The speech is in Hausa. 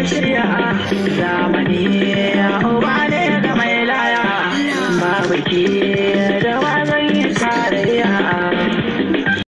an shirya a zamani ya uba ne ga mai laya babu ki da wazan yi tarayya